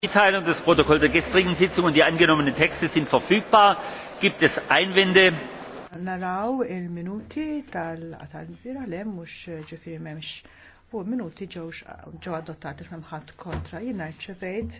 Die mitteilung des Protokolls der gestrigen sitzung und die angenommenen texte sind verfügbar. gibt es einwände? naraw il-minuti tal-għatal-vira le mux ġifiri memx u minuti ġew adottati fl-mħat kontra jina ċevejt